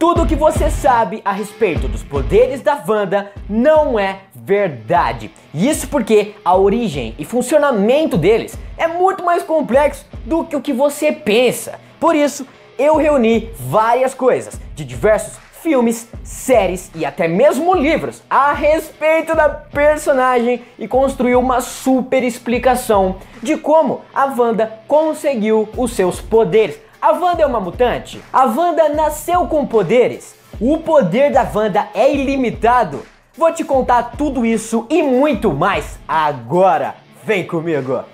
Tudo o que você sabe a respeito dos poderes da Wanda não é verdade. Isso porque a origem e funcionamento deles é muito mais complexo do que o que você pensa. Por isso, eu reuni várias coisas de diversos filmes, séries e até mesmo livros a respeito da personagem e construiu uma super explicação de como a Wanda conseguiu os seus poderes, a Wanda é uma mutante? A Wanda nasceu com poderes? O poder da Wanda é ilimitado? Vou te contar tudo isso e muito mais agora. Vem comigo!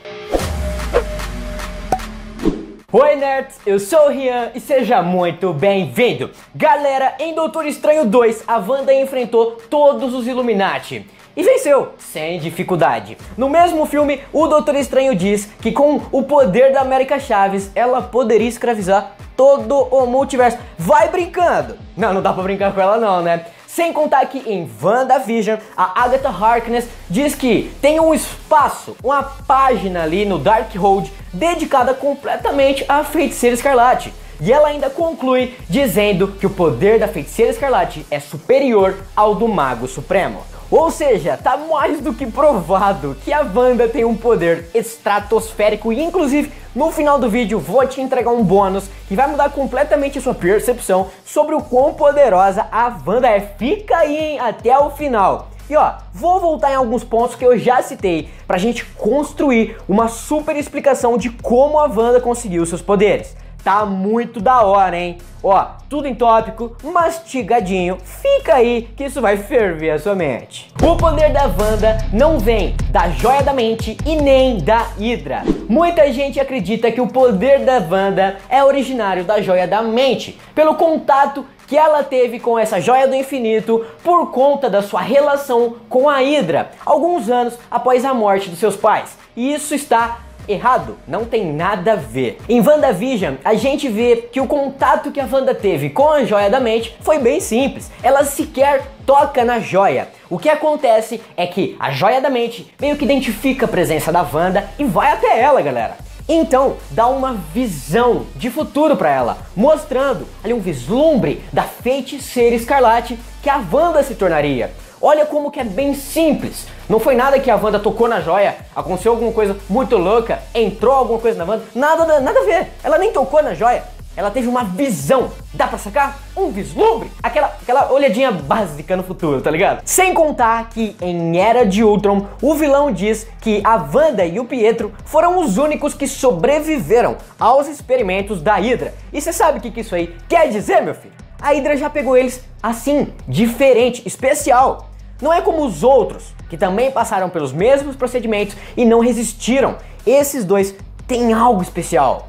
Oi nerds, eu sou o Rian e seja muito bem-vindo! Galera, em Doutor Estranho 2, a Wanda enfrentou todos os Illuminati e venceu, sem dificuldade. No mesmo filme, o Doutor Estranho diz que com o poder da América Chaves, ela poderia escravizar todo o multiverso. Vai brincando! Não, não dá pra brincar com ela não, né? Sem contar que em WandaVision, a Agatha Harkness diz que tem um espaço, uma página ali no Darkhold dedicada completamente à Feiticeira Escarlate. E ela ainda conclui dizendo que o poder da Feiticeira Escarlate é superior ao do Mago Supremo. Ou seja, tá mais do que provado que a Wanda tem um poder estratosférico e inclusive no final do vídeo vou te entregar um bônus que vai mudar completamente a sua percepção sobre o quão poderosa a Wanda é. Fica aí hein, até o final. E ó, vou voltar em alguns pontos que eu já citei pra gente construir uma super explicação de como a Wanda conseguiu seus poderes. Tá muito da hora, hein? Ó, tudo em tópico, mastigadinho. Fica aí que isso vai ferver a sua mente. O poder da Wanda não vem da joia da mente e nem da Hidra. Muita gente acredita que o poder da Wanda é originário da joia da mente, pelo contato que ela teve com essa joia do infinito por conta da sua relação com a Hydra, alguns anos após a morte dos seus pais. E isso está errado, não tem nada a ver. Em WandaVision, a gente vê que o contato que a Wanda teve com a joia da mente foi bem simples. Ela sequer toca na joia. O que acontece é que a joia da mente meio que identifica a presença da Wanda e vai até ela, galera. Então, dá uma visão de futuro para ela, mostrando ali um vislumbre da feiticeira escarlate que a Wanda se tornaria. Olha como que é bem simples. Não foi nada que a Wanda tocou na joia, aconteceu alguma coisa muito louca, entrou alguma coisa na Wanda, nada, nada a ver. Ela nem tocou na joia, ela teve uma visão. Dá pra sacar? Um vislumbre? Aquela, aquela olhadinha básica no futuro, tá ligado? Sem contar que em Era de Ultron, o vilão diz que a Wanda e o Pietro foram os únicos que sobreviveram aos experimentos da Hydra. E você sabe o que, que isso aí quer dizer, meu filho? A Hydra já pegou eles assim, diferente, especial. Não é como os outros, que também passaram pelos mesmos procedimentos e não resistiram. Esses dois têm algo especial.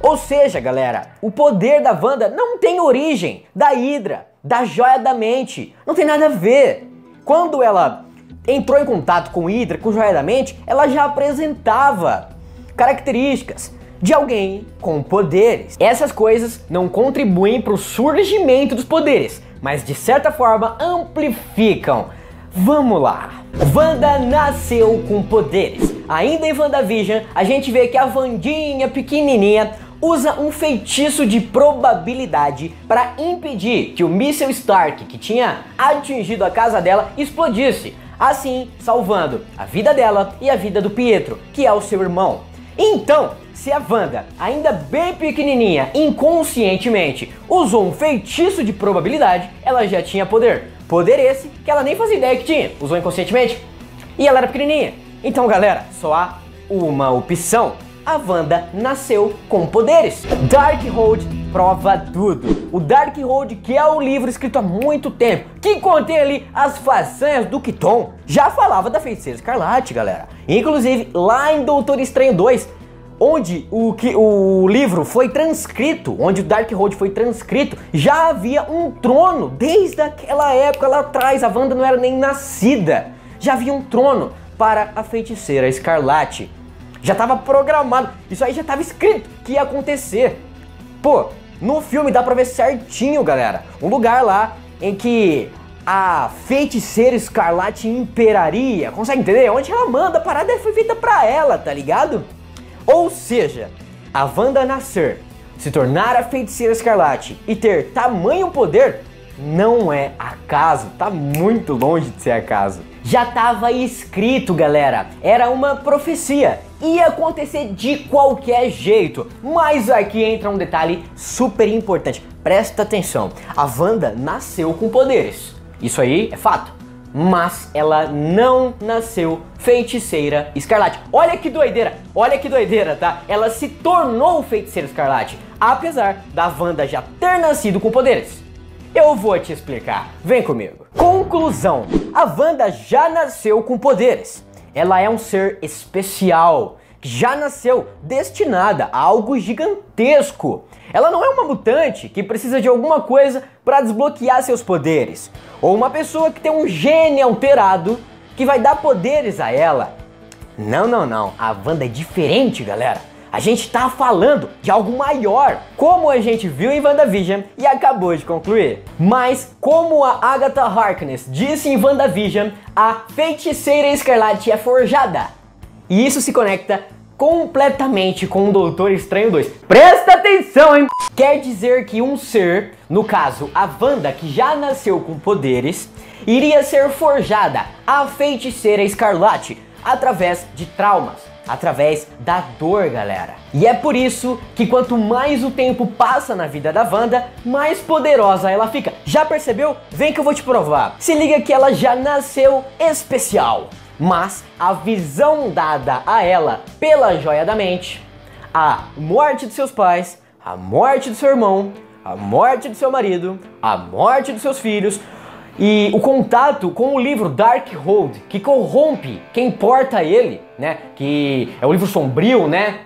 Ou seja, galera, o poder da Wanda não tem origem da Hydra, da joia da mente. Não tem nada a ver. Quando ela entrou em contato com Hydra, com joia da mente, ela já apresentava características, de alguém com poderes. Essas coisas não contribuem para o surgimento dos poderes, mas de certa forma amplificam. Vamos lá! Wanda nasceu com poderes. Ainda em WandaVision, a gente vê que a Vandinha pequenininha usa um feitiço de probabilidade para impedir que o míssil Stark que tinha atingido a casa dela explodisse, assim salvando a vida dela e a vida do Pietro, que é o seu irmão. Então, se a Wanda, ainda bem pequenininha, inconscientemente usou um feitiço de probabilidade, ela já tinha poder. Poder esse que ela nem fazia ideia que tinha, usou inconscientemente. E ela era pequenininha. Então, galera, só há uma opção. A Wanda nasceu com poderes. Darkhold prova tudo. O Darkhold, que é um livro escrito há muito tempo, que contém ali as façanhas do Kiton, já falava da feiticeira escarlate, galera. Inclusive, lá em Doutor Estranho 2, onde o, que, o livro foi transcrito, onde o Dark Road foi transcrito, já havia um trono desde aquela época lá atrás, a Wanda não era nem nascida. Já havia um trono para a feiticeira Escarlate. Já estava programado, isso aí já estava escrito que ia acontecer. Pô, no filme dá pra ver certinho, galera. Um lugar lá em que a feiticeira escarlate imperaria. Consegue entender? Onde ela manda, a parada foi é feita pra ela, tá ligado? Ou seja, a Wanda nascer, se tornar a feiticeira escarlate e ter tamanho poder não é acaso, tá muito longe de ser acaso. Já estava escrito, galera. Era uma profecia. Ia acontecer de qualquer jeito. Mas aqui entra um detalhe super importante. Presta atenção. A Wanda nasceu com poderes. Isso aí é fato mas ela não nasceu feiticeira escarlate. Olha que doideira, olha que doideira, tá? Ela se tornou feiticeira escarlate, apesar da Wanda já ter nascido com poderes. Eu vou te explicar, vem comigo. Conclusão: a Wanda já nasceu com poderes. Ela é um ser especial, já nasceu destinada a algo gigantesco. Ela não é uma mutante que precisa de alguma coisa para desbloquear seus poderes, ou uma pessoa que tem um gene alterado que vai dar poderes a ela. Não, não, não. A Wanda é diferente, galera. A gente está falando de algo maior, como a gente viu em WandaVision e acabou de concluir. Mas, como a Agatha Harkness disse em WandaVision, a feiticeira escarlate é forjada e isso se conecta completamente com o Doutor Estranho 2. Presta atenção, hein? Quer dizer que um ser, no caso a Wanda, que já nasceu com poderes, iria ser forjada a feiticeira escarlate através de traumas. Através da dor, galera. E é por isso que quanto mais o tempo passa na vida da Wanda, mais poderosa ela fica. Já percebeu? Vem que eu vou te provar. Se liga que ela já nasceu especial mas a visão dada a ela pela joia da mente, a morte de seus pais, a morte do seu irmão, a morte do seu marido, a morte dos seus filhos e o contato com o livro Darkhold, que corrompe quem porta ele, né? Que é o livro sombrio, né?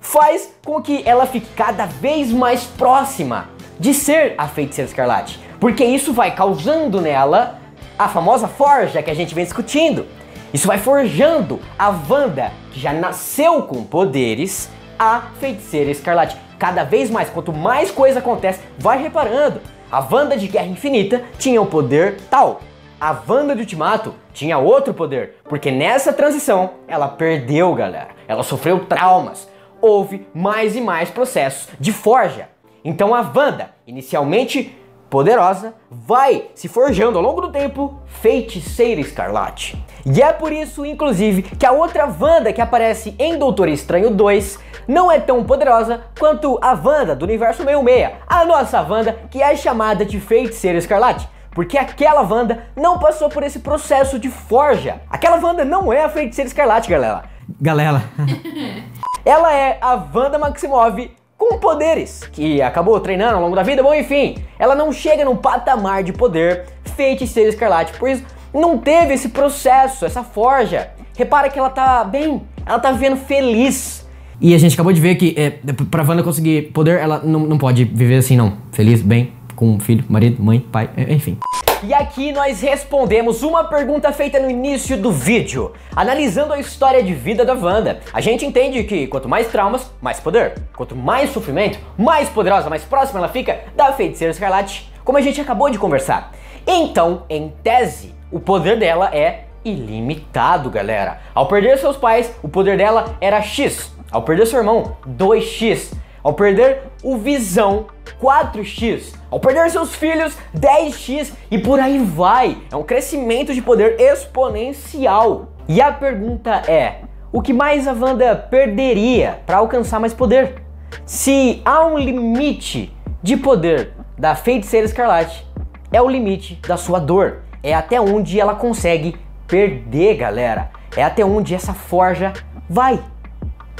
Faz com que ela fique cada vez mais próxima de ser a feiticeira escarlate, porque isso vai causando nela a famosa forja que a gente vem discutindo isso vai forjando a Wanda, que já nasceu com poderes, a feiticeira escarlate. Cada vez mais, quanto mais coisa acontece, vai reparando. A Wanda de Guerra Infinita tinha um poder tal. A Wanda de Ultimato tinha outro poder, porque nessa transição ela perdeu, galera. Ela sofreu traumas. Houve mais e mais processos de forja. Então a Wanda, inicialmente poderosa, vai se forjando ao longo do tempo feiticeira escarlate. E é por isso, inclusive, que a outra Wanda que aparece em Doutor Estranho 2 não é tão poderosa quanto a Wanda do universo 66, a nossa Wanda que é chamada de feiticeira escarlate porque aquela Wanda não passou por esse processo de forja. Aquela Wanda não é a feiticeira escarlate, galera. Galera. Ela é a Wanda Maximov com poderes, que acabou treinando ao longo da vida, bom, enfim, ela não chega num patamar de poder feiticeiro escarlate, por isso não teve esse processo, essa forja. Repara que ela tá bem, ela tá vivendo feliz. E a gente acabou de ver que é, pra Wanda conseguir poder, ela não, não pode viver assim, não. Feliz, bem, com filho, marido, mãe, pai, é, enfim. E aqui nós respondemos uma pergunta feita no início do vídeo. Analisando a história de vida da Wanda, a gente entende que quanto mais traumas, mais poder. Quanto mais sofrimento, mais poderosa, mais próxima ela fica da feiticeira escarlate, como a gente acabou de conversar. Então, em tese, o poder dela é ilimitado, galera. Ao perder seus pais, o poder dela era X. Ao perder seu irmão, 2x ao perder o Visão 4x, ao perder seus filhos 10x e por aí vai. É um crescimento de poder exponencial. E a pergunta é: o que mais a Wanda perderia para alcançar mais poder? Se há um limite de poder da feiticeira escarlate, é o limite da sua dor. É até onde ela consegue perder, galera. É até onde essa forja vai.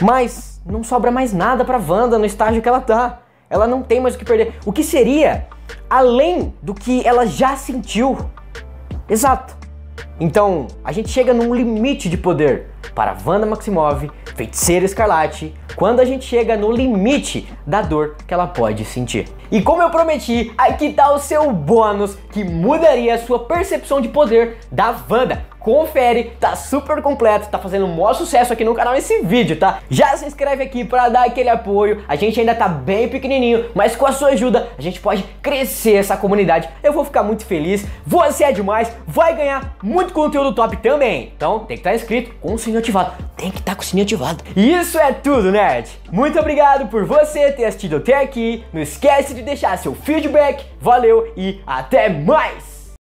Mas não sobra mais nada para Wanda no estágio que ela tá. Ela não tem mais o que perder. O que seria além do que ela já sentiu? Exato. Então, a gente chega num limite de poder para Wanda Maximov, Feiticeira Escarlate, quando a gente chega no limite da dor que ela pode sentir. E como eu prometi, aqui tá o seu bônus que mudaria a sua percepção de poder da Wanda confere, tá super completo, tá fazendo um maior sucesso aqui no canal esse vídeo, tá? Já se inscreve aqui para dar aquele apoio, a gente ainda tá bem pequenininho, mas com a sua ajuda a gente pode crescer essa comunidade, eu vou ficar muito feliz, você é demais, vai ganhar muito conteúdo top também, então tem que estar tá inscrito com o sininho ativado, tem que estar tá com o sininho ativado. E isso é tudo, nerd! Muito obrigado por você ter assistido até aqui, não esquece de deixar seu feedback, valeu e até mais!